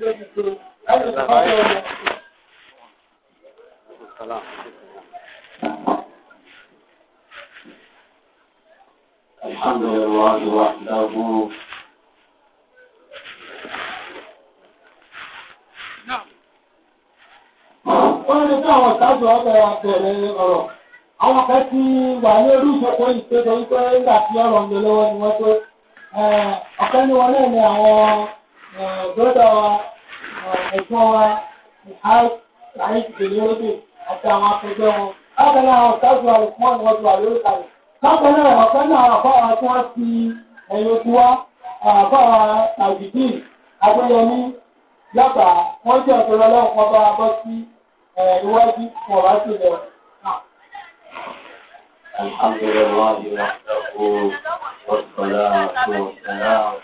الحمد لله وحده wọ́n ní káwọn ṣáájú ọ̀bẹ̀ àbẹ̀rẹ̀ ọ̀rọ̀ àwọn kan ti wà ní orí ìṣòkò ìṣèjọ wípé nígbà tí ọ̀rọ̀ ń lọ lọ́wọ́ ni wọ́n pé ọ̀kan ní wọn náà ni àwọn bọ́dọ̀ wa àwọn ẹ̀gbọ́n wa Muhammad Saheed Jelilode àti àwọn akẹgbẹ́ wọn. Bákan náà àwọn ọ̀sáàtù àlùkùn wọn ti wà lórí kalẹ̀. Bákan náà ọ̀kan náà àbá wa tí wọ́n fi ẹ̀yìn oṣù wa àbá wa Tàjìdì Adéyẹmí Yàgbà wọ́n jẹ́ ọ̀sọ̀rọ̀ lọ́wọ́ bá wa bọ́ sí iwájú fún ọ̀rá sí ilẹ̀ الحمد لله وحده والصلاة والسلام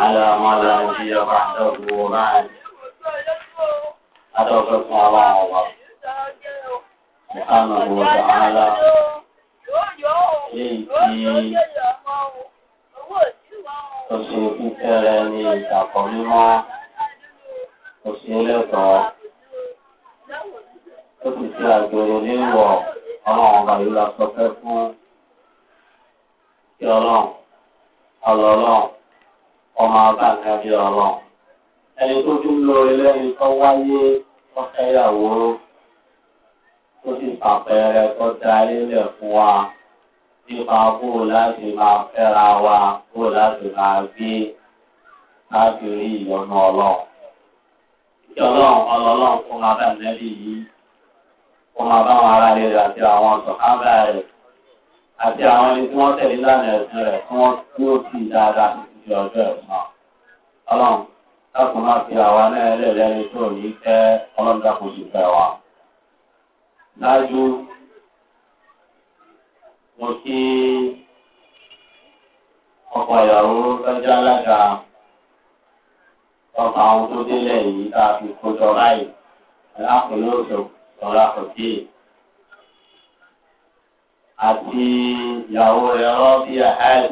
على ما لا نبي بعده وبعد أتوفق الله الله سبحانه وتعالى ليكي تسيكي كراني تقومها تسيلتها tòkìtì àgbèrè níwọ̀ ọlọ́run ọba yìí la sọ fẹ́ fún kí ọlọ́run ọlọ́run ọmọ ọba kan bí ọlọ́run ẹni tó tún lọ ẹlẹ́ni tó wáyé ọ̀kẹ́yàwó tó sì pàpẹrẹ tó darí lẹ̀ fún wa nípa bó láti máa fẹ́ra wa bó láti máa gbé láti rí ìyọnu ọlọ́run ìjọlọ́run ọlọ́run fún abá nẹ́bí yìí kó máa bá wọn ara rẹ̀ àti àwọn sọ̀kábà rẹ̀ àti àwọn ẹni tí wọ́n tẹ̀lé lánàá ẹ̀sìn rẹ̀ tí wọ́n tí ó sì dáadáa di ọjọ́ ẹ̀sán. ọlọ́run dákun máa fi àwa náà lẹ́lẹ́ni tó ní fẹ́ ọlọ́run dákun sì fẹ́ wa. dájú mo kí ọkọ̀ ìyàwó lọ́jọ́ alága ọkọ̀ àwọn tó délẹ̀ yìí tá a fi kó jọ báyìí alákùnrin òṣò ọ̀rọ̀ àkọ́tì àti ìyàwó rẹ̀ rọ́bì ahad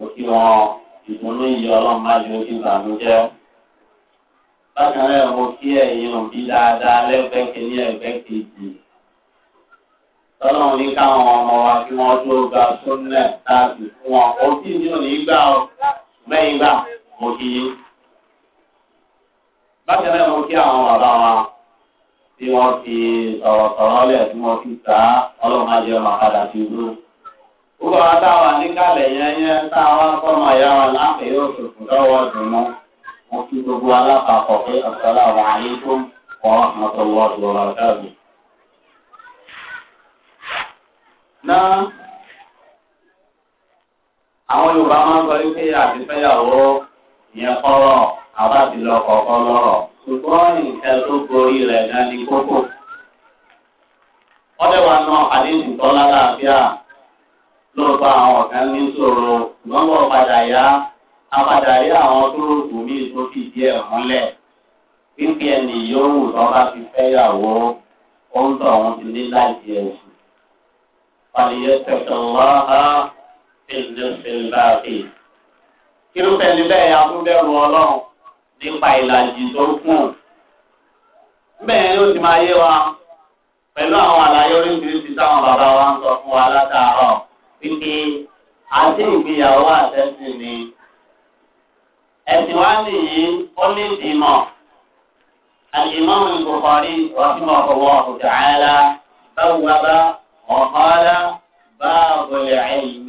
mo kí wọn ìdùnnú yìí ọlọ́run má yọ ojú ìbànújẹ́ bákan náà mo kí ẹ̀yin òbí dáadáa lẹ́gbẹ́ kìíní ẹ̀gbẹ́ kejì tọ́lọ́run ní káwọn ọmọ wa kí wọ́n tó gba sónẹ̀ láti fún wọn òbí mi ò ní gbà ọ mẹ́yìn gbà mo kí yín bákan náà mo kí àwọn bàbá wa tí wọ́n fi sọ̀rọ̀sọ̀rọ̀ lẹ̀ tí wọ́n fi ta ọlọ́run ajẹ́ màkàdà ti dúró gbogbo àwọn táwa níkàlẹ̀ yẹn yẹn táwa sọmọ ìyá wa láàpẹ̀ yóò ṣòfò lọ́wọ́ dùnú mo fi gbogbo alápapọ̀ pé àtàlà wà ayé tó ń kọ́ àtọwọ́ ìrora dàbí. náà àwọn Yorùbá máa ń sọ wípé àtifẹ́yàwó ìyẹn kọ́rọ̀ àbá ti lọ kọ̀ọ̀kan lọ́rọ̀ ṣùgbọ́n nǹkan tó gorí rẹ̀ gan ni kókó. wọ́n dẹ̀ wá náà àdéhùn tọ́lá láàbíà. lóòótọ́ àwọn ní sọ̀rọ̀ ṣùgbọ́n padà yá apadà àwọn tó rògbò mí tó fi díẹ̀ múlẹ̀ pípẹ́ ẹni yòówù fẹ́yàwó ohun tó àwọn ti ní láti ẹ̀sùn. tẹ̀sán wá á Irúfẹ́ ọlọ́run nípa ìlàjì tó kùn. Bẹ́ẹ̀ ti máa yé wa pẹ̀lú àwọn àlàyé oríṣiríṣi táwọn bàbá wa ń sọ fún wa látàárọ̀. wípé àti ìgbéyàwó àtẹ́sìn ni ẹ̀sìn wa nìyí ó ní ìdìmọ̀ الإمام البخاري رحمه الله تعالى بوب وقال باب العلم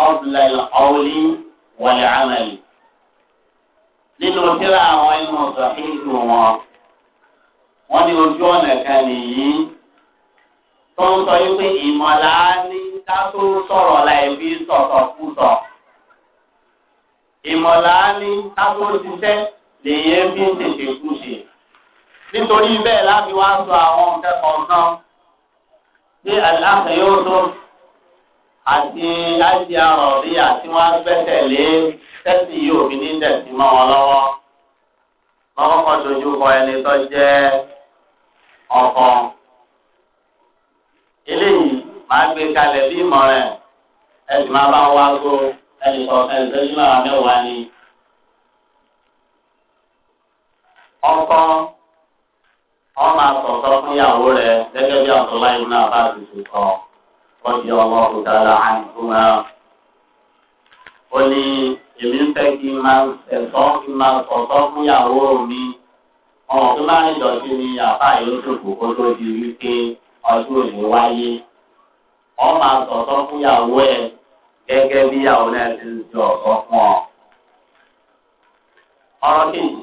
قبل القول والعمل nínú tíra àwọn inú sàfihàn wọn wọ́n ní ojú ọ̀nà kan nìyí tó ń sọ wípé ìmọ̀lá ní ká tó sọ̀rọ̀ láì fi sọ̀tọ̀ kú sọ. ìmọ̀lá ní ká tó ṣiṣẹ́ lèyẹn bí ń tètè kú ṣe. nítorí bẹ́ẹ̀ láti wá sọ àwọn kẹ́kọ̀ọ́ náà bí aláǹkà yóò tó àti láti àrọ̀ rí àti wọn gbẹ́sẹ̀ lé tẹ́sí yóò fi ní tẹ̀sí mọ́ wọn lọ́wọ́. wọ́n kọ́kọ́ dojú kọ ẹni tó jẹ́ ọkọ. eléyìí máa gbé kalẹ̀ bí ìmọ̀ràn ẹ sì máa bá ń wá gbó ẹnì kọ̀ọ̀kan ìṣẹ́jú náà mẹ́wàá ni. ọkọ ọmọ àtọ̀tọ̀ fún ìyàwó rẹ̀ gẹ́gẹ́ bí àtọ̀lá ìbùnà bá ti ṣe kọ́ wọ́n di ọmọ òkúta àìkúmọ́. ó ní èmi ń fẹ́ kí n máa ẹ̀tọ́ kí n máa tọ̀tọ̀ fún ìyàwó mi ọmọ tó máa ń dọ̀tí ni àbá yóò ṣòfò kó tó di wípé ọdún òní wáyé. ọ máa sọ̀tọ̀ fún yàwó ẹ gẹ́gẹ́ bí yàwó náà ti ń sọ ọ̀tọ̀ fún ọ. ọ̀rọ̀ kejì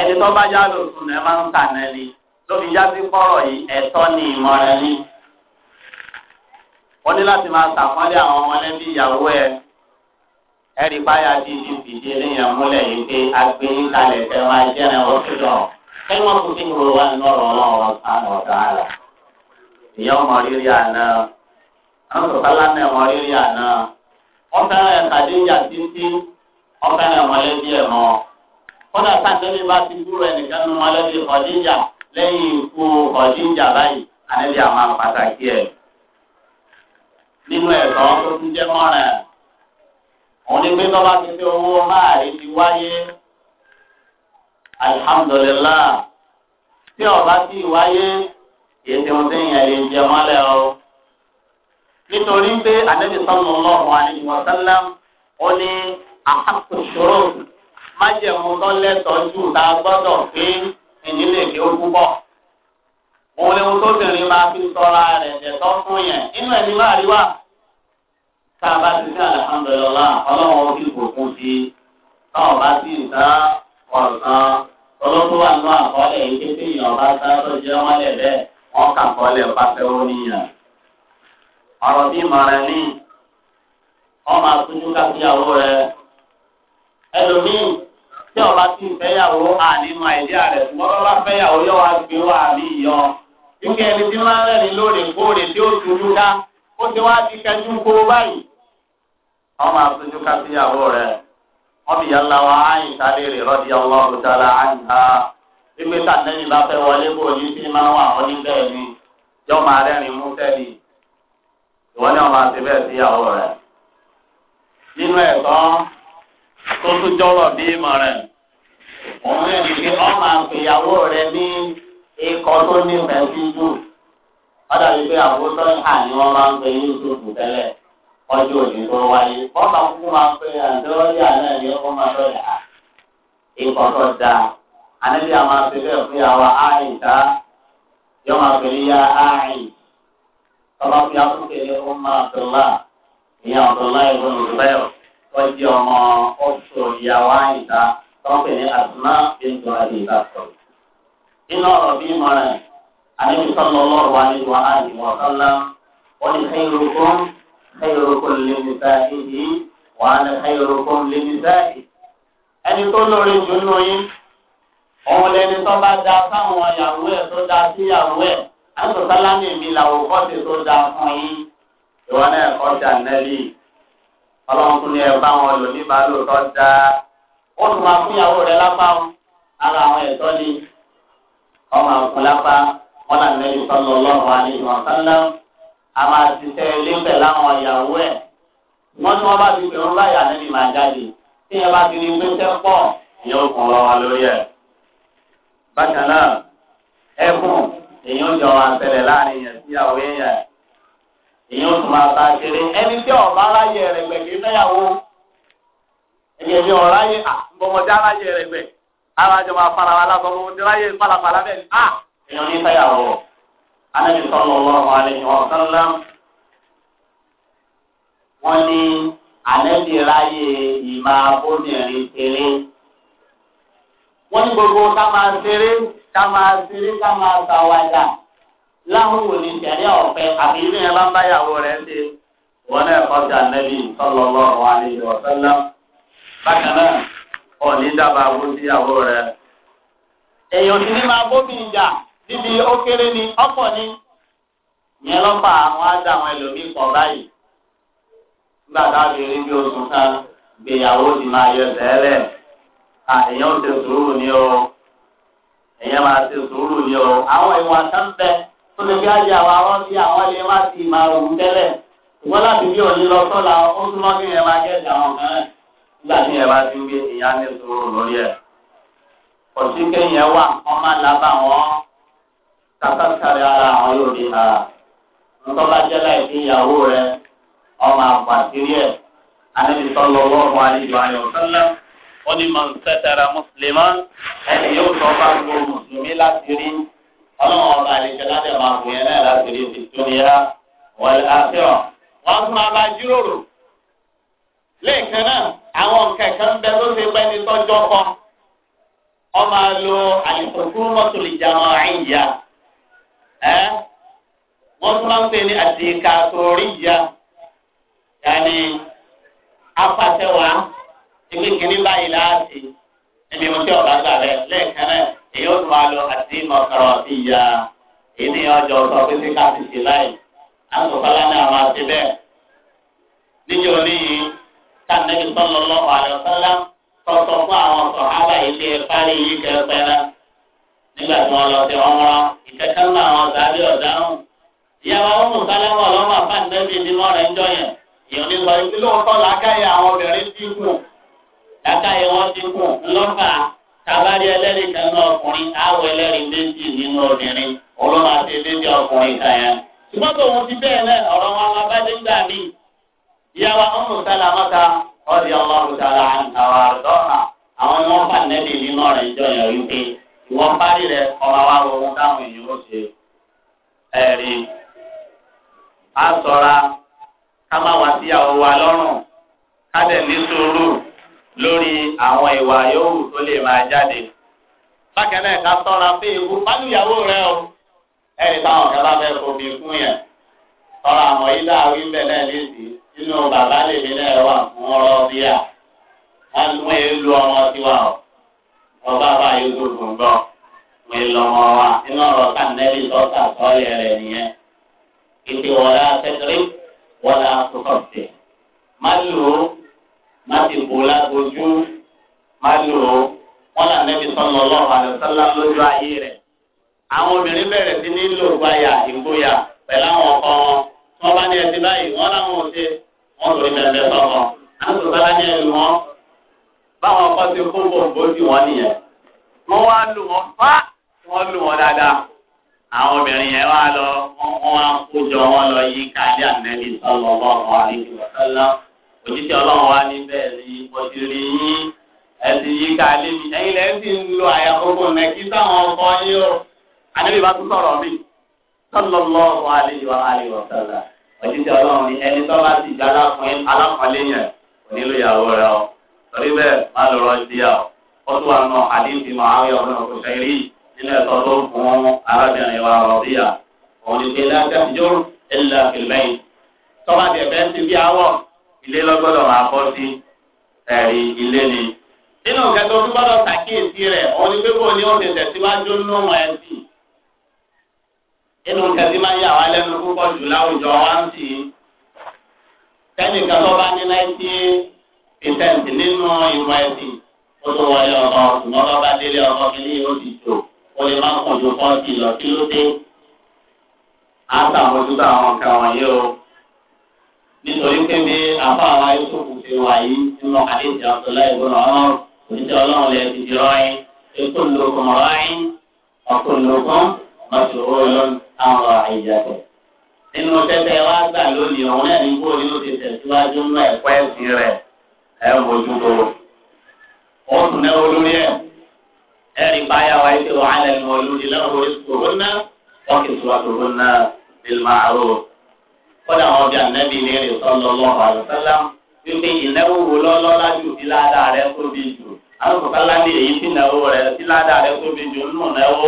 ẹni tó bá já lòsùn ẹ máa ń tà náà ni lóbi já sí kọ́rọ̀ yìí ẹ̀tọ́ ni ìmọ̀ràn ni. wọ́n ní láti máa ṣàpọ́nlé àwọn ọmọlẹ́bí ìyàwó ẹ ẹ̀rí báyà fìdí eléyàn múlẹ̀ yìí pé yín kalẹ̀ fẹ́ máa jẹ́rẹ̀ wọ́n fi lọ. ìyẹn ọmọ rírì àná àwọn sọ̀tàlá náà ọmọ rírì àná wọ́n fẹ́ràn ẹ̀ kàdéjà títí wọ́n fẹ́ràn ẹ̀ mọ̀lẹ́bí ẹ̀ mọ́ kódà sàtẹ́lẹ̀ bá ti dúró ẹnìkan nínú mọ̀lẹ́bí kọ̀díjà lẹ́yìn ikú kọ̀díjà báyìí àlẹ́bí àwọn pàtàkì ẹ̀ nínú ẹ̀sọ́ tó tún jẹ́ mọ́rẹ̀ òun ni pé tọ́ba ti fi owó láàrin ti wáyé alihamudulilayi tí ọba ti wáyé ètò ọdún yẹn lè jẹ mọ́lẹ̀ o. nítorí pé ànábì sallallahu alaihi wa sallam ó ní àkàkùsọ̀rọ̀ májẹ̀mú lọ́lẹ́tọ̀ọ́jú tá a gbọ́dọ̀ pé ìdílé kí ó púpọ̀. òun léwu tóbìnrin máa fi sọ́ra rẹ̀ jẹ̀tọ́ fún yẹn inú ẹ̀ ní láàrin wà. tá a bá ti sí alhamdulillah ọlọ́run kí gbòkun sí táwọn bá sì ń tán ọ̀sán ọlọ́tún wà nínú àkọọ́lẹ̀ yìí pé téèyàn bá sá wọn kà kọ́lẹ̀ pàfẹ́ oníyàn. ọ̀rọ̀ bí ìmọ̀ràn ní wọ́n máa tójú káfíyàwó rẹ̀ ẹlòmíì tí ọba ti ń fẹ́yàwó ànínú àìdíà rẹ̀ ṣùgbọ́n bá fẹ́yàwó yóò wá gbé wá àbí ìyọ. Ìgbẹ́ ẹni tí máa ń rẹ́ni lóòrèkóòrè tí ó tójú dá ó ti wá ti kẹjú kó báyìí. wọ́n máa tójú káfíyàwó rẹ̀ wọ́n fi wa áyìn sáré rè rọ́dí ọlọ́run dára áyìn náà ìgbé sàtẹ́yìn bá fẹ́ wọlé bò ní tí máa wà wọ́n ní bẹ́ẹ̀ ni yọ máa rẹ́rìn mú sẹ́ni ìwọ ni ọmọ àti bẹ́ẹ̀ sí ìyàwó rẹ̀. nínú ẹ̀kọ́ tó tún jọ́rọ̀ bí ìmọ̀ rẹ̀ òun rẹ̀ ní pé máa pè ìyàwó rẹ̀ ní ikọ̀ tó nífẹ̀ẹ́ sí jù ọ̀dà yìí pé àbúrò sọ́yìn àní wọ́n máa ń pè ní ìṣòfò tẹ́lẹ̀ ọjọ́ òní tó wáyé wọ́n máa kúkú máa pè àdéhọ́yà náà anabi àwọn afẹ́fẹ́ fún yà wá àìsá yọ máa pèlè yà àì ọba fún yà fún kẹlẹ ọmọ àtọlá ìyá àtọlá ìbọn ìbẹ́ẹ̀ tọ́jú ọmọ ọ̀ṣọ́ ìyá wá àìsá tọ́ pèlè àtúná ètò àdìsá sọ. nínú ọ̀rọ̀ bí mọ̀rẹ̀ anabi sọ̀rọ̀ lọ́rọ̀ wa ní wa àì wọ̀ sọ́lá wọ́n ní khayrukum khayrukum lè níta wọ́n á ní khayrukum lè níta ẹni tó lórí jù nù òun lẹni tó bá da fáwọn ìyàwó ẹ̀ tó da sí ìyàwó ẹ̀ àtọ̀sálá ní èmi làwọn kọ́ọ̀tì tó da fún yín ìwọ náà kọ́ da nẹ́lì ọlọ́run tún ní ẹ bá wọn lò nípa lóòótọ́ da ó tún máa fún ìyàwó rẹ lápá ara àwọn ẹ̀tọ́ ni ọmọ àkùn lápá wọn là nẹ́lì sọ́lọ́ ọlọ́run àlejò ọ̀sánlá a máa ti tẹ ilé pẹ̀ láwọn ìyàwó ẹ̀ wọ́n tún wọ́n bá ti pè ń láyà nẹ́lì jáde tí ẹ bá ti ní gbé tẹ́ pọ̀ ìyẹn ò kàn lọ́wọ́ lórí ẹ̀ bákan náà ẹkùn èèyàn jọ àtẹlẹ láàrin yẹn sí àwọn èèyàn èèyàn tún máa ta kiri ẹni tí ọba aráyè rẹ gbẹgbẹ fẹyàwó ẹgbẹ mi ọ̀rọ̀ ayé àbọmọdé aráyè rẹ gbẹ ara jọ máa fara wa lásán ọmọdé aráyè pàlàpàlà bẹ́ẹ̀ ni ah èèyàn ní fẹyàwó anabi sọlọ lọrọ àlejò ọsánlá wọn ní anabi ráyè ìmọ̀ abóbìnrin kiri. wọ́n ní gbogbo ká máa ṣeré ká máa ṣeré ká máa ṣàwàdà láwọn wò ní ìṣẹ̀lẹ̀ ọ̀fẹ́ àbí ilé yẹn bá ń báyàwó rẹ̀ ṣe wọn náà kọjá nẹ́bí sallallahu alaihi wa sallam bákan náà ọ̀ní dábàá bó síyàwó rẹ̀. èèyàn sì ní máa ìjà níbi ni ọ̀pọ̀ ìyẹn àwọn àwọn ẹlòmíì pọ̀ báyìí nígbà táwọn bí oṣù kan Ah, èèyàn ń sùúrù ni o èèyàn máa ṣe sùúrù ni o àwọn ìwà kan bẹ tó lè fi àjẹ àwọn àwọn tí àwọn ilé má ti máa wù tẹ́lẹ̀ ìwọ́n láti bí òní lọ sọ́la ó súnmọ́ kí yẹn máa gẹ̀ẹ́sì àwọn kan rẹ̀ nígbà tí bá ti ń gbé èèyàn ní sùúrù lórí ẹ̀ wà wọ́n máa lábà ara àwọn yóò di jẹ́ láìpẹ́ ìyàwó ọmọ àgbà sírí ẹ̀ lọ́wọ́ ọmọ wọ́n ní man satara musliman ẹni yóò sọ bá ń lo mùsùlùmí láti rí ọlọ́run ọba àlejò láti ọmọ àbòyẹn náà láti rí ti tó ní yá wọlé àfihàn. wọ́n tún máa bá jíròrò lẹ́ẹ̀kan náà àwọn kẹ̀kẹ́ ń bẹ tó ti pẹ́ ní tọ́jọ́ kan wọ́n máa lo àlùkòkú mọ́tò ìjàmọ̀ àìyá ẹ́ wọ́n tún máa ń pè ní àdìkàtòríyà yàní apàtẹ́wàá ìwé kìíní báyìí láti ẹbí mo tí ọ̀gá gbà rẹ lẹ́ẹ̀kan náà èyí ó tún máa lọ àti mọ̀kàrọ̀ sí ìyá èyí ní ọjọ́ sọ pé sí ká ti ṣe láì àǹtọ̀fọ́lá náà máa ṣe bẹ́ẹ̀. níjẹ́ orí yìí ká nẹ́bí sọ́nà lọ́wọ́ àlọ́sọ́lá tọ́tọ́ fún àwọn sọ̀hábà ilé parí yìí kẹfẹ́rẹ́ nígbà tí wọ́n lọ sí wọn ìkẹ́kẹ́ ńlá àwọn sàbí ọ̀dáhùn. ìyàwó àwọn mùsàlámọ̀ lọ́mọ àfáàndẹ́bí ìdímọ́ rẹ̀ ń jọyàn ìyọ̀nì dáká yẹn wọ́n ti kù lọ́fà tabali ẹlẹ́rìí kan ọkùnrin awọ ẹlẹ́rìí méjì nínú obìnrin olóma ti dédé ọkùnrin kan ṣùgbọ́n tó wọn ti bẹ́ẹ̀ náà ọ̀rọ̀ wọn bá dé gbà mí. ìyáwó ọmọ sálà mọ́ta ọ̀dì àwọn àwọn ni wọ́n nínú ọ̀rẹ́ ìjọ yẹn ìwọ́n parí wa wo ohun táwọn èèyàn ó a sọra ká má wá síyàwó wa lọ́rùn ká dẹ̀ lórí àwọn ìwà yòówù tó lè máa jáde. bákan náà ká sọ́ra pé ewu pálíyàwó rẹ o ẹni táwọn kan bá fẹ́ fomi fún yẹn. sọ́ra àwọn ilé àwọn ibẹ̀ náà lè nínú bàbá lèmi náà wà fún ọ̀rọ̀ bí à. wọ́n mú èlò ọmọ tiwa o. wọ́n bá bá yóò tó gbọ́. mo lọ mọ wa nínú ọ̀rọ̀ kàndẹ́lì sọ́kà sọ́ọ̀lẹ̀ rẹ̀ nìyẹn. ìpè wọ́n á tẹ́tẹ́rẹ́ wọ́n á tó má ti bò lágojú má lò ó wọn là nẹbi sọlọ lọrọ àlùsálà lójú ayé rẹ̀ àwọn obìnrin bẹ̀rẹ̀ sí ní lò gbáyà ìgboyà pẹ̀lú àwọn ọkọ wọn tí wọn bá ní ẹsẹ̀ báyìí wọn làwọn ò ṣe wọn lò ní ẹsẹ̀ sọkọ àwọn sọlá ní ẹnu wọn báwọn ọkọ ti kó bòǹbò sí wọn nìyẹn wọn wá lò wọn fá wọn lò wọn dáadáa àwọn obìnrin yẹn wá lọ wọn wá kó jọ wọn lọ yí káàdì ànẹ́bí sọlọ lọ́wọ́ àdìgbò òjíṣẹ́ ọlọ́run wa ní bẹ́ẹ̀ ni ọ̀jọ̀rì yín ẹ̀sìn yìí ká lé mi ẹ̀yin lẹ́yìn tí ń lo àyà gbogbo nàìjí sáwọn ọkọ yín o ànábì bá tún sọ̀rọ̀ mi sallallahu alaihi wa alihi wa sallam òjíṣẹ́ ọlọ́run ni ẹni tó ti gba alákùnrin alákùnrin yẹn kò ìyàwó rẹ o torí bẹ́ẹ̀ má lọ rọ sí ọ ó tún wà nù àdéhùn ìmọ̀ àwọn ọ̀rọ̀ òṣèlú ilé lọ́gbọ́dọ̀ máa bọ́ sí ẹ̀rí ilé ni. nínú kẹtọ tó gbọ́dọ̀ ṣàkíyèsí rẹ̀ òun ni pípọ̀ ní òun tẹ̀sẹ̀ síwájú nínú ẹ̀sìn. nínú kẹtí máa ń yà wá lẹ́nu púpọ̀ jù láwùjọ wá ń sì. kẹ́nìkan tó bá ní náìtì pẹ̀sẹ̀ǹtì nínú ìmọ̀ ẹ̀sìn ó tó wọlé ọkọ ṣùgbọ́n tó bá délé ọkọ kí ní yóò ti tò ó lè má pọ̀ ju fọ́ọ̀tì lọ kí ló dé. á sàmójútó àwọn nǹkan wọ̀nyí nítorí pé bí afọ àwa yusuf ṣe wà yìí nínú àdéhùn abdullahi ibùdó ọlọ́run oníṣẹ́ ọlọ́run lè ti di rọ́ọ̀yìn ètò lókun rọ́ọ̀yìn ọ̀tún lókun mọ̀tò ọlọ́run àwọn àìjàpẹ̀. nínú tẹ́tẹ́ wá gbà lónìí ọ̀hún ẹ̀ ní kó ní ó ti tẹ̀síwájú nínú ẹ̀kọ́ ẹ̀sìn rẹ̀ ẹ̀ ń bójú tó. ó tún náà olórí ẹ̀ ẹ̀rí báyà wáyé tó wàhálà ẹ̀ mọ̀ olórí lọ́wọ́ kọ́dà àwọn bí ànábì léèrè sallallahu alaihi wasallam wípé ìnáwó wo lọ́lọ́ lájú sí ládàá rẹ tóbi jù àwọn ní èyí sí ìnáwó rẹ sí ládàá rẹ tóbi jù nínú náwó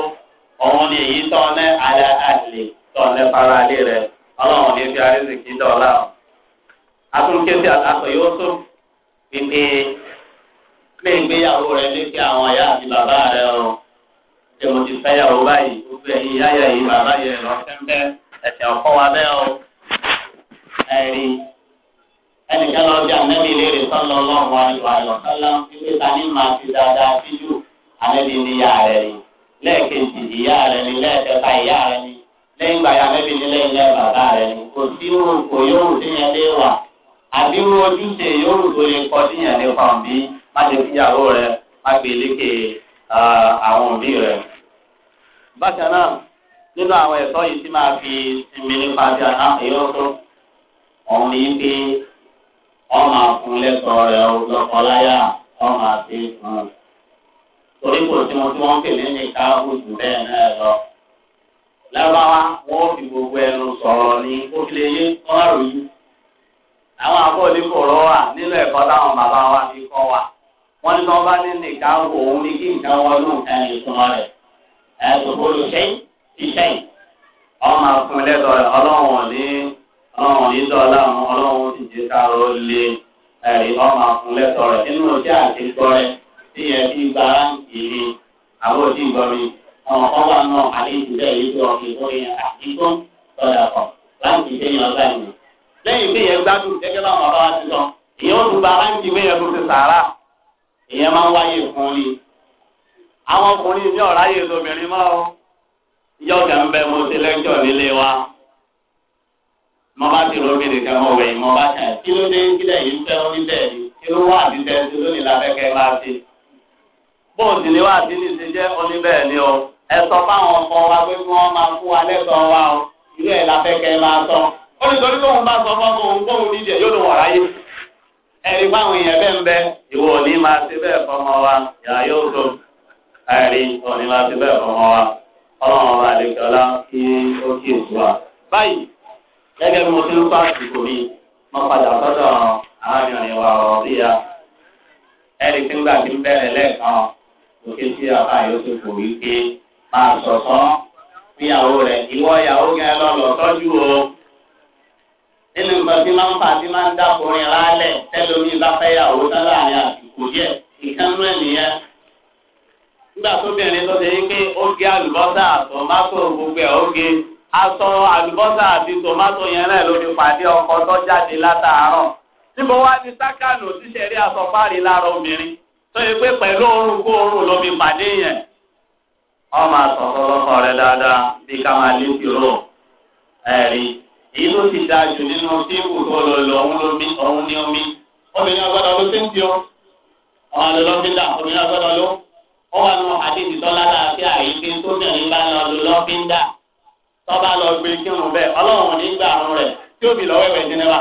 ọ̀hún èyí tọ́lẹ̀ alẹ́ àlè tọ́lẹ̀ faralé rẹ ọlọ́run ní fi atúnkẹ́ àtàkọ̀ yóò tó pé ìgbéyàwó rẹ lé sí àwọn ìyá àti bàbá rẹ o mo ti báyìí yẹ̀ bàbá ẹ̀rí ẹnìkan lọ bí ànábì léèrè sọ́lọ́ lọ́wọ́ àyọ̀ àyọ̀ sọ́lá ta ni màá fi dáadáa sí jù ní ìyá rẹ̀ ni lẹ́ẹ̀kejì ìyá rẹ̀ ni lẹ́ẹ̀kẹta ìyá rẹ̀ ni lẹ́yìn gbàyà ànábì ní lẹ́yìn lẹ́yìn rẹ̀ ni kò sí yóò lé wà àbí ojúṣe yóò tó lé má ti fi má gbé e àwọn òbí bákan náà nínú àwọn ẹ̀tọ́ yìí ti máa fi àná òun yìí pé ọmọ àfun lẹ́tọ̀ọ́ rẹ̀ lọ́kọláyà ọmọ àti fún torí kò tí wọ́n pè ní nìka ojú náà lábáwá wọ́n fi gbogbo ẹnu sọrọ ní yìí. àwọn kò wà nínú ẹ̀kọ́ táwọn bàbá wa kọ́ wa. ní wọ́n bá ní nìka òun ní kí nǹkan ìtumọ̀ sẹ́yìn ti sẹ́yìn ọmọ ọlọ́run yìí dọ̀ láwọn ọlọ́run sì ti káró lé ẹ̀rí ọmọ àfúnlẹ́tọ̀ rẹ̀ nínú ọjà àti gbọ́ tí yẹn fi gba ráǹkì ni àbọ̀ tí ì gbọ́ ọmọ kan wà náà àlejò bẹ́ẹ̀ yìí tó ọkì tó yẹn àdìgbọ́n tọ́jà kọ̀ ráǹkì téèyàn ọgbà yẹn. lẹ́yìn tí yẹn gbádùn gẹ́gẹ́ bá wọn ti sọ ìyẹn ó tún gba ráǹkì bẹ́ẹ̀ yẹn tó ti sàárà ìyẹn máa ń wáyé fún àwọn ọkùnrin mo bá ti rọ́ọ̀mì nìkan mo wẹ̀ mo bá ṣe kí ló dé kílẹ̀ yìí ń fẹ́ wọn níbẹ̀ ni kí ló wà ní tẹ́sí lónìí lábẹ́kẹ́ máa ṣe. bóun sì ni wà ní ni sọ fáwọn ọkọ wa pé kí máa fún o máa sọ. ó ní torí tóun bá sọ òun yóò ẹni fáwọn èèyàn bẹ́ẹ̀ ń wa yóò tó ò ní máa wa ọlọ́run ọba ọlá kí ó kí gẹ́gẹ́ bí mo ti ń pa àsìkò mi mo padà sọ́dọ̀ arábìnrin wa ọ̀rí ya ẹni tí ń gbà tí ń bẹ̀rẹ̀ lẹ́ẹ̀kan òkè tí àbá yóò ti kò wí pé máa sọ̀tàn níyàwó rẹ̀ ìwọ ìyàwó gẹ́ lọ́lọ́ tọ́jú o nínú nǹkan tí máa ń fà tí máa ń dákùnrin rálẹ̀ tẹ́lómi bá fẹ́ yàwó tán láàrin àsìkò díẹ̀ nǹkan náà nìyẹn nígbà tóbìnrin tó ṣe yí pé ó gé àlùbọ́sà àtọ̀ mátò gbogbo ẹ̀ ó gé aṣọ àlùbọ́sà àti tòmátò yẹn náà ló pàdé ọkọ tó jáde látàárọ̀ níbo wá ní sákàlù tíṣẹ́ rí aṣọ fáàrí lára obìnrin tó yẹ pé pẹ̀lú oorun kó oorun ló fi pàdé yẹn ọmọ àtọ̀tọ̀lọ́kọ rẹ dáadáa bí ká máa ẹ̀rí èyí dáa jù nínú tó lọ lọ ní omi obìnrin agbọ́dọ̀ ló o ọmọ obìnrin agbọ́dọ̀ ló tọ́ba lọ gbé kírun bẹ́ẹ̀ ọlọ́run ní gbà àrùn rẹ̀ tí ó bì lọ́wẹ́wẹ́ jẹ́nẹ́wà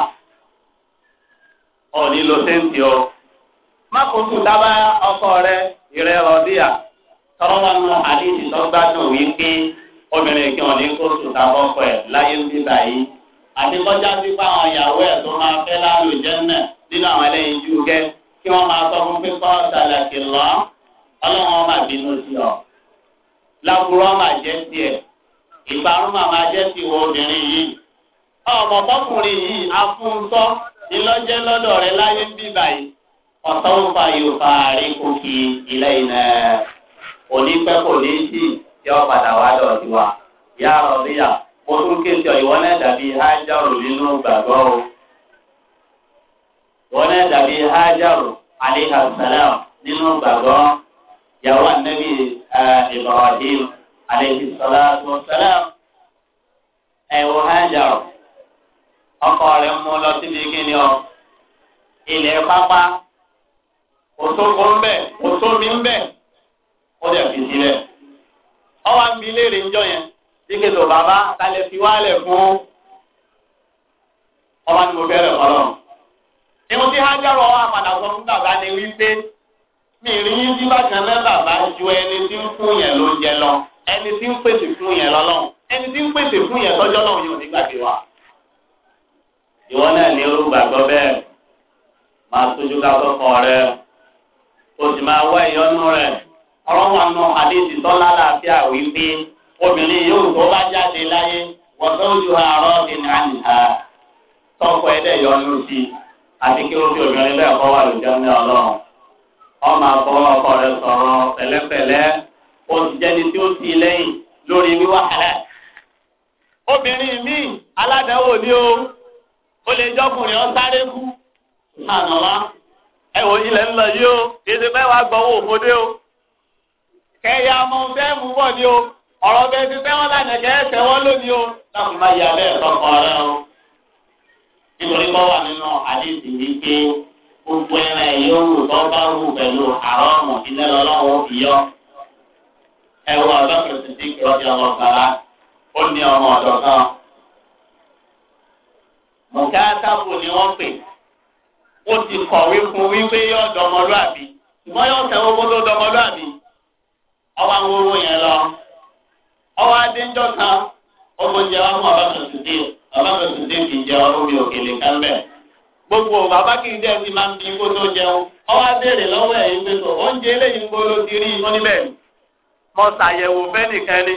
ọ̀ní lo sẹ́ǹtì o má kó tù dábà ọkọ rẹ ìrẹ́ rọ̀díà tọ́lọ́ wà nù àdéhì lọ́gbàdùn wípé obìnrin kí wọn ní kó tù dábà ọkọ ẹ̀ láyé ń bíbà yìí àti kọjá pípa àwọn ìyàwó ẹ̀ tó máa fẹ́ láàrú ìjẹ́nà nínú àwọn ẹlẹ́yin jù gẹ́ kí wọ́n máa sọ fún pípa ọ̀sàlẹ̀ kìlọ́ ọlọ́run ọmọ àbínú sí ọ láburú ọmọ àjẹ́ tiẹ̀ ìparun màmá jẹ́ sí ìwọ obìnrin yìí ọmọ ọkùnrin yìí afúntọ́ ìlọ́jẹ́ lọ́dọ̀ rẹ láyé ń bí báyìí ọ̀sán ń fa yorùbá rí kókì ilé iná onípẹ́ kò ní sí yọ padà wá lọ sí wa yá ọ̀ríyà mo tún ké sọ ìwọ náà dàbí hájàrò nínú gbàgbọ́ o ìwọ náà dàbí hájàrò aleyhi salam nínú gbàgbọ́ yàwó ànábì eh, Ibrahim alaihi salatu wassalam ẹ̀wọ̀ Hajar ọkọ rẹ̀ mú lọ síbi kíni ọ ilẹ̀ pápá òtókò ńbẹ òtómi ńbẹ ó dẹ̀ fi sílẹ̀ ọwọ́ àmì léèrè ńjọ yẹn síkè tó bàbá kalẹ̀ fi wálẹ̀ fún ọba ni mo bẹ̀rẹ̀ ọlọ́run ìwọ tí Hajar ọwọ́ àpàdà sọ fún bàbá ni wípé mi rí yín bí bàtàn náà bàbá ju ẹni tí ń fún yẹn ló jẹ lọ ẹni tí ń pèsè fún yẹn lọ́lọ́run ẹni tí ń pèsè fún yẹn tọ́jọ́ náà yóò nígbà tí wà. ìwọ náà ní irú gbàgbọ́ bẹ́ẹ̀ máa tójú ká kọ́kọ́ rẹ o sì máa wá ìyọnu rẹ ọ̀rọ̀ wà nù àdéhùn tọ́lá làáfíà wípé obìnrin yóò tó bá jáde láyé wọ́n tó ju àárọ̀ ìnira nìta tọ́kọ ẹ̀dẹ̀ yọnu sí àti kí ó fi obìnrin bẹ́ẹ̀ kọ́ wà lójú ọ̀nà ọlọ́run ọ kò sì jẹni tí ó ti lẹ́yìn lórí wíwá halal. obìnrin míì aládàáwò ni o ó lè jọkùnrin ọ̀sáré kú ànàlá ẹ wò ilẹ̀ ń lọ yìí o èdè mẹ́wàá gbọ́wọ́ òfòdé o kẹyà ọmọ bẹ́ẹ̀ mú bọ̀ ni o ọ̀rọ̀ bẹ́ẹ̀ ti fẹ́wọ́n lánàá kẹ́ ẹ̀fẹ́ wọ́n lónìí o láti má yà bẹ́ẹ̀ tọkọ rẹ o nítorí bọ́ wà nínú àdéhùn yìí pé gbogbo ẹran yóò wù bọ́ bá wù pẹ̀lú àrọ́ọ̀mù ìlẹ́lọ́lọ́wọ́ ìyọ́. ẹ̀wọ̀n ọ̀dọ́kùnrin sì ti ọmọ ọ̀gbàrá ó ní ọmọ ọdọ kan. mùkátàbù ni wọn pè ó ti kọ̀wé fún wíwé yọ dọmọlúàbí ṣùgbọ́n yóò tẹ̀wọ́ kó tó àwọn owó yẹn lọ. kan ọmọ jẹ òkèlè kan gbogbo bàbá kìí ti máa ń bí kó tó jẹun ọwọ́ adéèrè lọ́wọ́ ẹ̀yìn pé oúnjẹ eléyìí ń mo ṣàyẹ̀wò fẹ́nìkan ni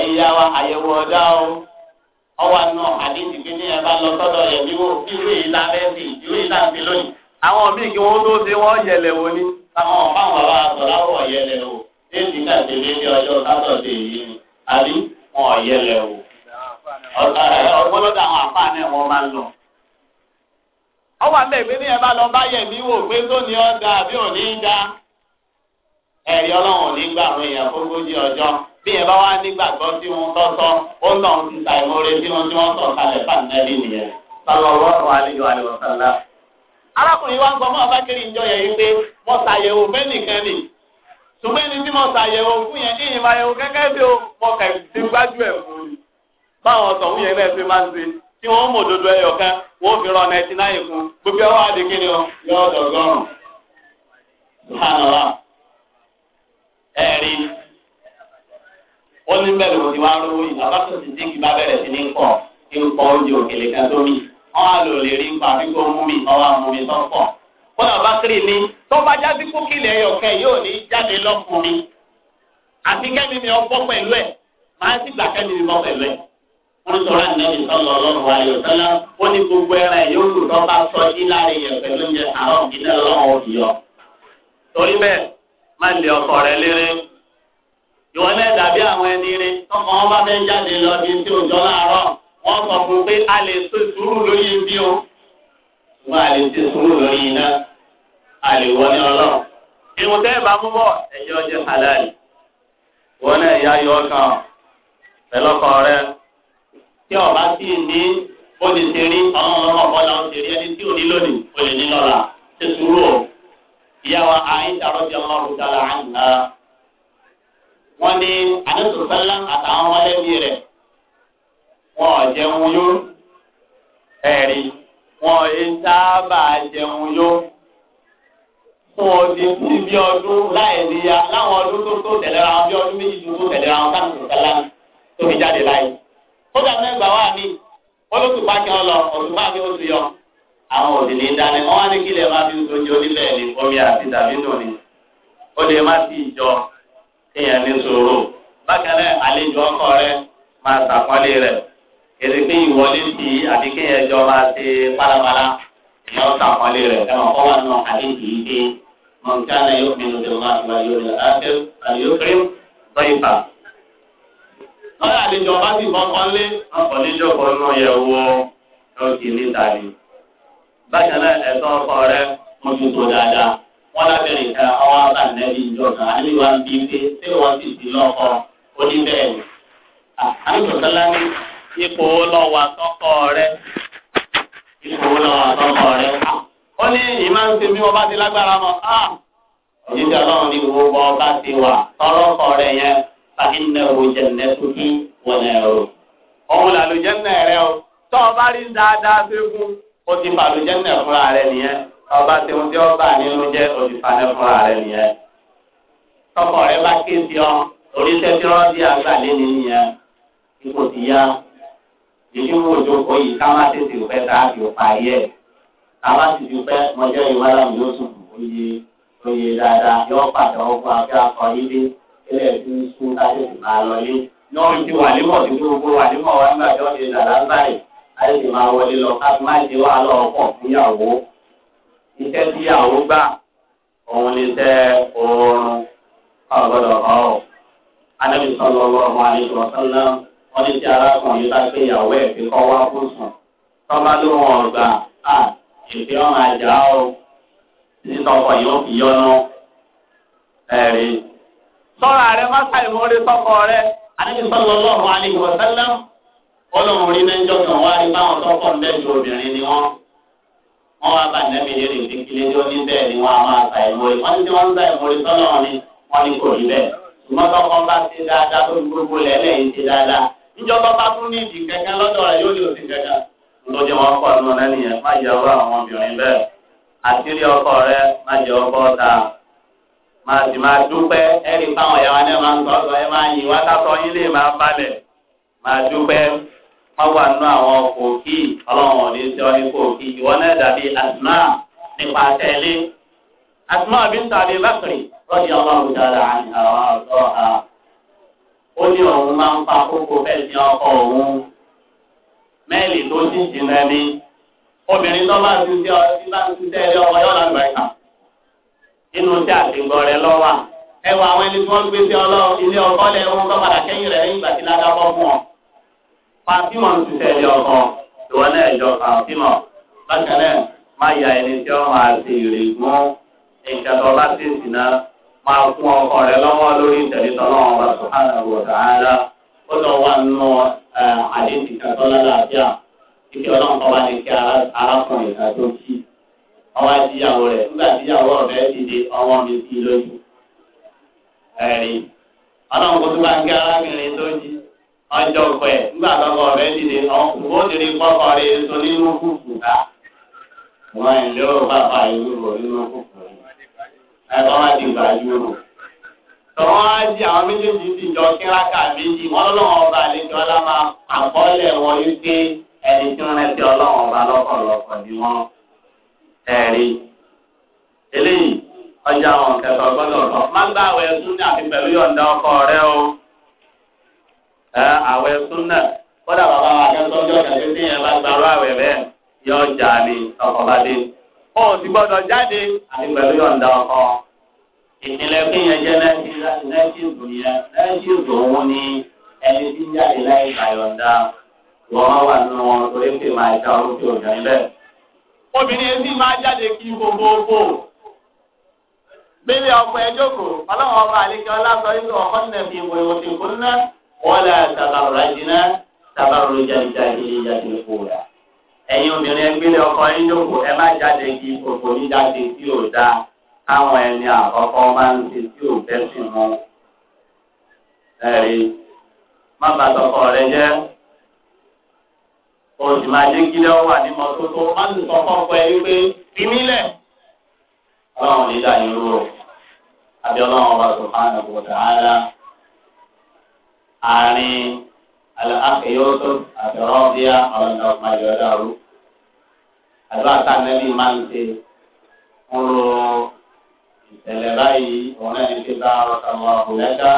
ẹ̀yin wa àyẹ̀wò ọ̀dá o ọwọ́ àná àdéhùn kí ni ẹ bá lọ sọdọ yẹ̀mí àwọn míì kí tó ṣe wọ́n yẹlẹ̀ ni. àwọn o náà ti lé ní yìí ni àbí wọn o. àwọn wọn máa ń lọ. ni ẹ bá lọ bá wò pé ẹ̀rí ọlọ́run ò ní gbà àwọn èèyàn fógójì ọjọ́ bí ẹ bá wá nígbàgbọ́ sí wọn tọ́tọ́ ó ń lọ́n ti ṣàìmọ́re sí tí wọ́n kalẹ̀ fàǹdẹ́lì nìyẹn. sọlá. arákùnrin wa ń gbọ́ máa bá ìjọ yẹn yìí pé mo ṣàyẹ̀wò nì tí mo ṣàyẹ̀wò fún yẹn kí ìyìnbá yẹn gẹ́gẹ́ bí mo kẹ̀ ti gbájú ẹ̀ fún mi. báwọn ẹ̀rí ó ní bẹ́ẹ̀ ló ti wá rówó yìí abáṣọ ti dín bá bẹ̀rẹ̀ sí ní kọ̀ kí oúnjẹ òkèlè kan tó mi wọ́n á lò lè rí mú mi ọwọ́ àwọn omi tó pọ̀ ni tó bá jáde kókìlẹ̀ ẹ̀yọ̀kẹ́ yóò ní jáde lọ́kùnrin àti kẹ́mi mi ọgbọ́ pẹ̀lú ẹ̀ máa gbà kẹ́mi mi pẹ̀lú ẹ̀ wọ́n ọlọ́run wọ́n gbogbo má lè ọkọ rẹ lere. ìwọ náà dàbí àwọn ẹni rí tọkọ wọn bá fẹ́ jáde lọ bí tí òjò láàárọ̀ wọ́n sọ fún pé a lè ṣe sùúrù lóye bí o ṣùgbọ́n a lè ṣe sùúrù a lè wọ ní ọlọ́run ìwọ̀n tẹ́ ẹ bá mú bọ̀ rẹ tí ọba sì ní bó ti ṣe rí rí ẹni tí ò ìyáwó àyíṣà rọ́jà ọlọ́run tààlà àyíṣà wọ́n ní àdéhùnsọ́lá àtàwọn mọ́lẹ́bí rẹ̀ wọ́n ò jẹun yó ẹ̀rí wọ́n ò sábà jẹun yó fún ọdún tí bí ọdún láì níya láwọn ọdún tó tó tẹ̀lé ra wọn bí ọdún méjì tó tó tẹ̀lé ra wọn sáà nìkọ́lá tó fi jáde láyé. ó dàbí ẹgbàá wà ní olóṣùpá kí wọn lọ òṣùpá kí ó ti yọ àwọn òdì ní dání wọn wá ní kí lè má fi ojú onílẹ̀ ní omi àti tàbí nù ni ó lè má sí ìjọ kéèyàn ní sòrò bákan náà àlejò ọkọ rẹ máa ṣàpọ́nlé rẹ èdè pé ìwọlé sí àbí kéèyàn jọ máa ṣe pálapàla ìyàwó ṣàpọ́nlé rẹ ẹ̀wọ̀n kọ́ wà nù àlejò yìí dé mọ̀nkánà yóò fi nù bẹ̀rù máa wà yóò rẹ̀ áfẹ́ àlùyókèrè tọ́yìnbà. lọ́yà àlejò ọba sì fọ́kànlé ọkọ̀ níjọ́ kan náà yẹ wọ bákan náà ẹ̀tọ́ ọkọ rẹ mójútó dáadáa wọn lábẹ́rẹ́ ìka ọwọ́ àbànẹ́bí ìjọba àníwá ń bí pé ṣé wọ́n sì ti lọ́kọ oníbẹ̀rẹ̀. àlùfọ̀sọ́lá ní ipò lọ́wọ́ àtọ́kọ rẹ ipò lọ́wọ́ àtọ́kọ rẹ. ó ní ìmọ̀ ń ṣe bí wọ́n bá ti lágbára mọ́ òjijì ọlọ́run ní gbogbo ọba ti wà tọ́lọ́kọ rẹ yẹn fàhínà òjẹ̀nẹ́ tókì wọ̀nà ẹ̀rọ. òun làlùjẹ́ nà o tọ́ ọ bá rí dáadáa ó ti bàlùjẹ́ nẹ̀ fúnra rẹ̀ nìyẹn ọba tí wọ́n ti ọba nínú jẹ́ òdìfanẹ́ fúnra rẹ̀ nìyẹn. tọkọ rẹ bá ké sí ọ oríṣẹ́ tí wọ́n di àgbà lẹ́ni nìyẹn ipò ti yá ìdí wo jókòó yìí ká má tètè pẹ́ tá a fi pa ayé ẹ̀ ká má sì fi pẹ́ mọ́jọ́ ìwà làwọn yóò sùn oyè oyè dáadáa yóò pàtó ọkọ afẹ́ akọ ilé ilé tí ń sún ká tètè máa lọ ilé. ní orí wà nímọ̀ tí gbogbo wà nímọ̀ wà nígbà tí wọ́n ti dàdá báyìí àyèjì máa wọlé lọ ká má ṣe wá lọ ọkàn fúnyàwó iṣẹ́ tíyàwó gbà òun ní tẹ oorun ọgbọ́dọ̀ ọ anábì sọlọ ọlọ́run àlejò ọsán náà wọn ní tí arákùnrin yóò bá gbé ìyàwó ẹ fi kọ wá fún sùn tọ́ba ló wọn ọgbà á ìfẹ́ ọ̀hún àjà o títí ọkọ yóò fi yọnu ẹ̀rí. sọ́ra rẹ má sàìmọ́ orí sọ́kọ rẹ anábì sọlọ ọlọ́run àlejò ọsán náà ọlọ́run orí mẹ́jọ kan wá rí báwọn tọ́kọ̀ ń bẹ́ẹ̀ ju obìnrin ni wọ́n wọ́n wá bá nẹ́bí lérí ìdíkílé tí ó ní bẹ́ẹ̀ ni wọ́n á máa ta ìmọ̀lẹ́ wọ́n ní tí wọ́n ń ta ìmọ̀lẹ́ sọ́lọ́run ni wọ́n ní kò rí bẹ́ẹ̀ ṣùgbọ́n tọ́kọ bá ti dáadáa tó gbogbo lẹ́lẹ́yìn ti dáadáa níjọba bá tún ní ìdí kankan lọ́dọ̀ rẹ̀ yóò ní òsì kankan lójú jẹ́ ọwọ́ àwọn obìnrin bẹ́ẹ̀ sì máa dúpẹ́ ẹ̀rí fáwọn ìyá wa náà máa ń sọ ọ́ ẹ máa yìn wá yín lè máa balẹ̀ máa dúpẹ́ má wà nù àwọn kòkí ọlọ́run ò ní sọ ní kòkí ìwọ náà dàbí asma nípa tẹ̀lé asma bint Abi Bakri radiyallahu ta'ala anha ọ̀dọ́ ha ó ní òun máa ń pa kókó bẹ́ẹ̀ ní ọkọ òun mẹ́ẹ̀lì tó ti jìnnà ni obìnrin tó bá ti ṣe ọtí bá ti ṣe ẹ̀rí ọmọ yọ̀ọ́ lọ́dọ̀ ẹ̀ka inú tí àtìgbọ́ rẹ lọ́wọ́ ẹwà àwọn ẹni tí wọ́n gbé sí ọlọ́ ilé ọkọ lẹ́wọ́n kọ́ padà kẹ́yìn rẹ̀ nígbà tí ládàá fún ọ. maa ń ṣiṣẹ́ kan ìwọ náà bákan náà ya ẹni tí ma máa ṣe ti sì máa fún ọkọ rẹ lọ́wọ́ lórí ìtẹ̀lẹ́tọ̀ náà wọn bá sọ hàn àwọn ọ̀dà ara ó lọ wà nínú àdéhùn ìkàtọ́ lálàáfíà ìṣẹ́ ọlọ́run kọ́ bá ní kí arákùnrin ìka tó kí àtìyàwó nígbà tíyàwó ti di mi lójú. kó ọjọ́ pẹ̀ nígbà lọ́kọ̀ rẹ̀ dìde ọkùnrin ó kọ́kọ́ rẹ̀ sọ nínú kùkù ká. Wọ́n ẹ̀ lérò bàbá ìlú rò nínú kùkù rẹ̀. Ẹ̀kọ́ wá di ìgbà yúrò. Tọ́wọ́n á di àwọn méjèèjì ti jọ kíráka méjì. Wọ́n lọ́wọ́ ọba àlejò ọlá máa àkọọ́lẹ̀ wọn yí pé ẹni tí wọ́n ti ọlọ́wọ́ ọba lọ́kọ̀lọ́kọ̀ ni wọ́n ẹ̀rí. Eléyìí ọjà àwọn kẹfà gbọ́dọ̀ lọ. Má gbàwẹ̀ ẹ̀sùn ní àfi pẹ̀lú yọ̀ǹda ọkọ rẹ o. àwẹ̀ súnà kọ́dà bàbá wa akẹ́tọ́jọ́ kẹ́kẹ́ tí yẹn bá gbarú àwẹ̀ bẹ́ẹ̀ yọ jà ní ọkọ̀badé. ó ti gbọ́dọ̀ jáde àti pẹ̀lú yọ̀ǹda ọkọ. ìpínlẹ̀ jẹ́ ni ẹni tí jáde láì yọ̀ǹda wọ́n wà nínú wọn torí pé máa orúkọ obìnrin etí máa jáde kí ọkọ kò ọlọ́run ọba àlejò ọlá sọ yìí ọkọ nínú wọ́lá tàbàrọ̀lájìnà tàbàrọ̀lájàlìjà ìlẹ̀yà ti kó rà. ẹ̀yin obìnrin ẹgbẹ́lẹ̀ ọkọ yín lóko ẹ má jáde kí òkò yín jáde tí ò dáa káwọn ẹni àkọ́kọ́ máa ń ṣe tí ò bẹ́ sì mú. ẹ̀rí má bàa tọkọ rẹ jẹ́ oṣù máa jẹ́ kílẹ̀ ó wà ní mọ́tótó má sì tọkọ pẹ́ wípé bímílẹ̀ ọlọ́run nígbà yín rú o àbí ọlọ́run ọba sọ̀fà náà kò àárín àkèyọ́tò àtẹ̀rọ́bíà ọ̀nà ọ̀pàdéọ̀dàrú àdúrà tá nẹ́bí máa ń ṣe ń ro ìṣẹ̀lẹ̀ báyìí òun náà ní ṣe bá ọ̀rọ̀ta mọ́ ọ̀hùnlẹ́dá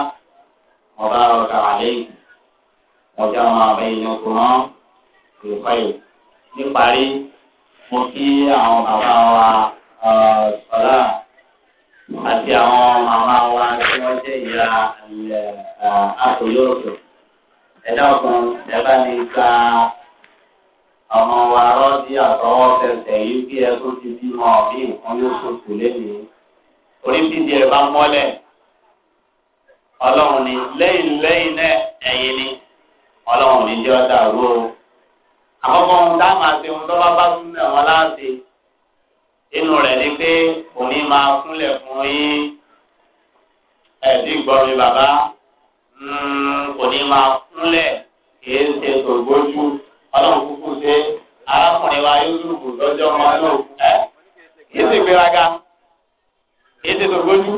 ọ̀bá ọ̀rọ̀ta àlẹ́yìn ọjà máa bẹ ìyẹn kù mọ́ ìfọ̀ yìí níparí mo kí àwọn bàbá wa ọ̀la àti àwọn jẹ́ ìyá àkóyọ̀ọ̀tọ̀ ẹ̀dá ọ̀kan ẹ̀bá ní ká ọmọ wa rọ́ọ̀dì àtọwọ́ fẹsẹ̀ yìí kí ẹ tó ti bímọ bí nǹkan yóò sòkò lẹ́yìn orí bíbí ẹ bá mọ́lẹ̀ ọlọ́run ni lẹ́yìn lẹ́yìn náà ẹ̀yìn ni ọlọ́run ní jẹ́ ọ̀dà ró o àkọ́kọ́ ohun tá a máa ṣe ohun tó bá bá fún mẹ́wọ́n láti inú rẹ̀ ni pé òní máa kúnlẹ̀ fún yín. ẹ̀dí gbọ́mi bàbá hmm, kò ní máa kúnlẹ̀ kìí ṣe tògbójú ọlọ́run kúkú ṣe arákùnrin wa yóò dùbò lọ́jọ́ ọmọ náà ẹ́ kìí ṣe gbéraga kìí ṣe tògbójú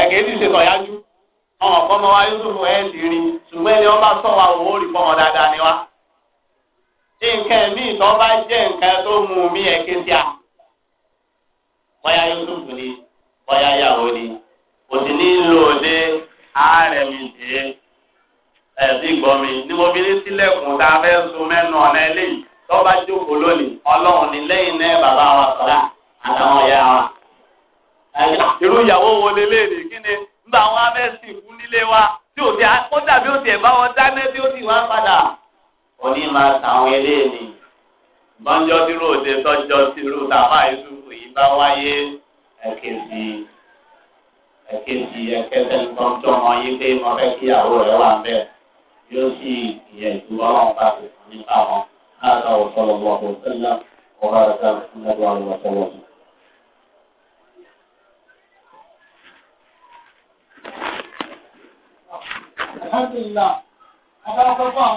ẹ̀ kìí ṣe tọ̀yájú ọmọ ọmọ wa yóò dùbò sì rí ṣùgbọ́n ẹni sọ wa rí fọmọ dáadáa ni wa nǹkan ẹ̀mí ìtọ́ bá jẹ́ nǹkan tó mú mi ẹ̀ bọ́yá yóò kò sì ní lò dé ààrẹ ẹ̀sìn gbọ́ ni mo fi ní sílẹ̀kùn tá a fẹ́ sun mẹ́nu ọ̀nà eléyìí tó bá jókòó lónìí ọlọ́run ní lẹ́yìn náà bàbá wa sọ̀rọ̀ àtàwọn ìyá wa. irú ìyàwó wo leléèrè kí ni nígbà wọn á fẹ́ sìn fún nílé wa tí ò ti ó dàbí ó ti ẹ̀ bá wọn dáná tí ó ti wá padà. òní máa tàwọn eléèrè bọ́njọ́ dúró òde tọ́jọ́ sí irú tàbá ìṣubú yìí bá wáyé ẹ̀kẹ́ sí i ẹ̀kejì ẹ̀kẹta nǹkan tó mọ yí pé mo fẹ́ kí ìyàwó rẹ̀ wà bẹ́ẹ̀ yóò sì yẹ ìdúró ọlọ́run bá ti fún nípa wọn láti àwọn sọlọ bọ̀ kò ṣẹlẹ̀ ọ̀rọ̀ ẹ̀ka fún ẹgbẹ́ àwọn ọ̀sọ̀lọ̀. Alhamdulillah, a bá kọ́kọ́ àwọn.